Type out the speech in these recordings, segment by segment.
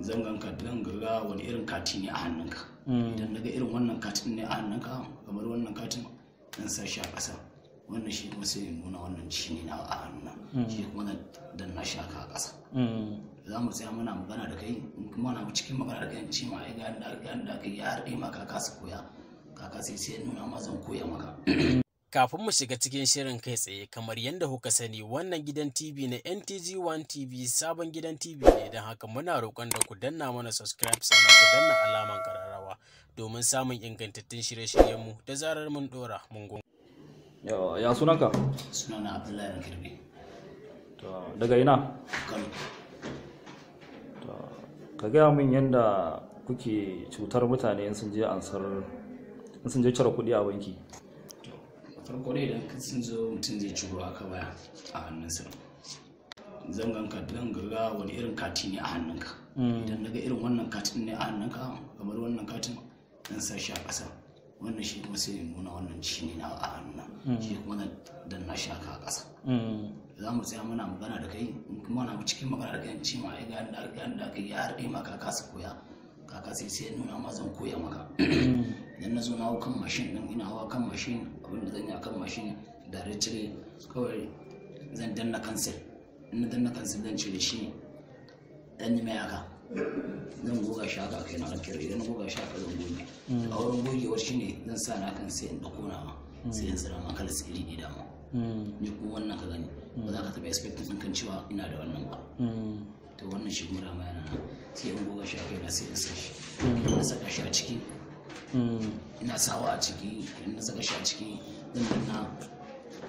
zangan ka dan ga wani irin kati ne a hannunka mm. idan daga irin wannan katin ne a hannunka kamar wannan katin dan sa shi a ƙasa wannan shi kuma sai nuna wannan shi na a hannuna mm. shi kuma dan na shaka a ƙasa mm. za mu tsaya muna magana da kai kuma na cikin magana da kai cewa ma ai ga da ga da kai ya har ma ka kasa koya kaka sai sai nuna ma zan koya maka Kafin mu shiga cikin shirin kai tsaye kamar yadda kuka sani wannan gidan TV na NTG1 TV sabon gidan TV ne don haka muna roƙon da ku danna mana subscribe sannan ku danna alaman kararrawa domin samun ingantattun shirye-shiryenmu da zarar mun ɗora mun gungu. Ya sunanka? Sunana Abdullahi Girbi. Daga ina? Kano. Ka gaya min yadda kuke cutar mutane in sun je ansar in sun je cire kuɗi a banki. farko dai idan sun zo mutum zai ruwa ka baya a hannunsa zangan ka dan ga wani irin kati ne a hannunka mm. idan naga irin wannan katin ne a hannunka kamar wannan katin dan sa shi a ƙasa wannan shi kuma sai nuna wannan shi ne na a hannuna mm. shi kuma dan na shi a ƙasa mm. za mu tsaya muna magana da kai kuma na cikin magana da kai ce ma ai ga da aka yi har ma maka kasa koya kaka sai sai nuna ma zan koya maka idan na zo na hau kan mashin din ina hawa kan mashin abin da zan yi a kan mashin da cire kawai zan danna kansil in na danna kansil zan cire shi dan yi mai haka zan goga shi haka kai na rakiyar idan na goga shi haka zan goge mm. a wurin gogewar shi ne zan sa na kan sai in ɗauko na mm. sai in tsira maka da tsiri ne dama mm. ni kuma wannan ka gani ba za ka taɓa expecting kan cewa ina da wannan ba to wannan shi kuma dama yana sai in goga shi a kaina sai in sa shi na saka shi a ciki ina sawa a ciki in na saka shi a ciki zan na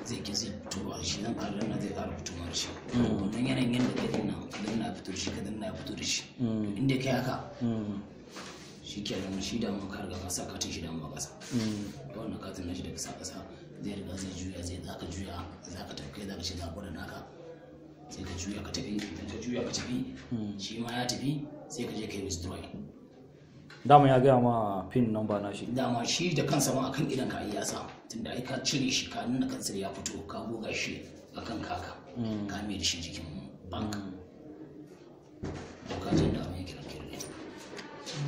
zai ke zai fitowa shi nan ƙarar na zai ƙara fitowa da shi wannan yanayin yadda ka danna ka danna fito da shi ka danna fito da shi inda kai haka shi ke nan shi da mun karga kasa katin shi da mun kasa wannan katin na shi da kasa kasa zai riga zai juya zai zaka juya zaka tafi kai zaka ce zaka gwada naka juya ya tafi sai ka je ka yi dama ya gaya ma pin number na shi dama shi da kansa ma akan idan ka yi yasa tunda ai ka cire shi ka nuna kansir ya fito ka goga shi akan kaka hmm. ka mai da shi jikin bank hmm.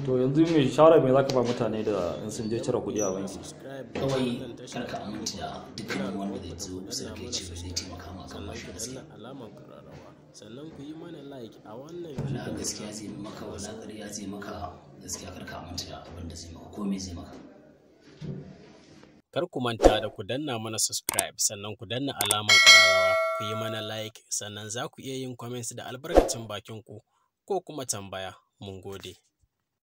to yanzu mai shara mai zaka ba mutane da in sun je cire kuɗi a banki kawai karka aminta dukkan dukkan wanda zai zo kusa kai ce ba zai taimaka ma kan mashi gaske sannan ku yi mana like a wannan wala gaskiya zai maka wala ƙarya zai maka gaskiya karka aminta da abin da zai maka komai zai maka kar ku manta da ku danna mana subscribe sannan ku danna alaman ƙararrawa ku yi mana like sannan za ku iya yin comments da albarkacin bakin ku ko kuma tambaya mun gode